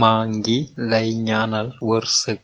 Maa ngi lay ñaanal wërsëg.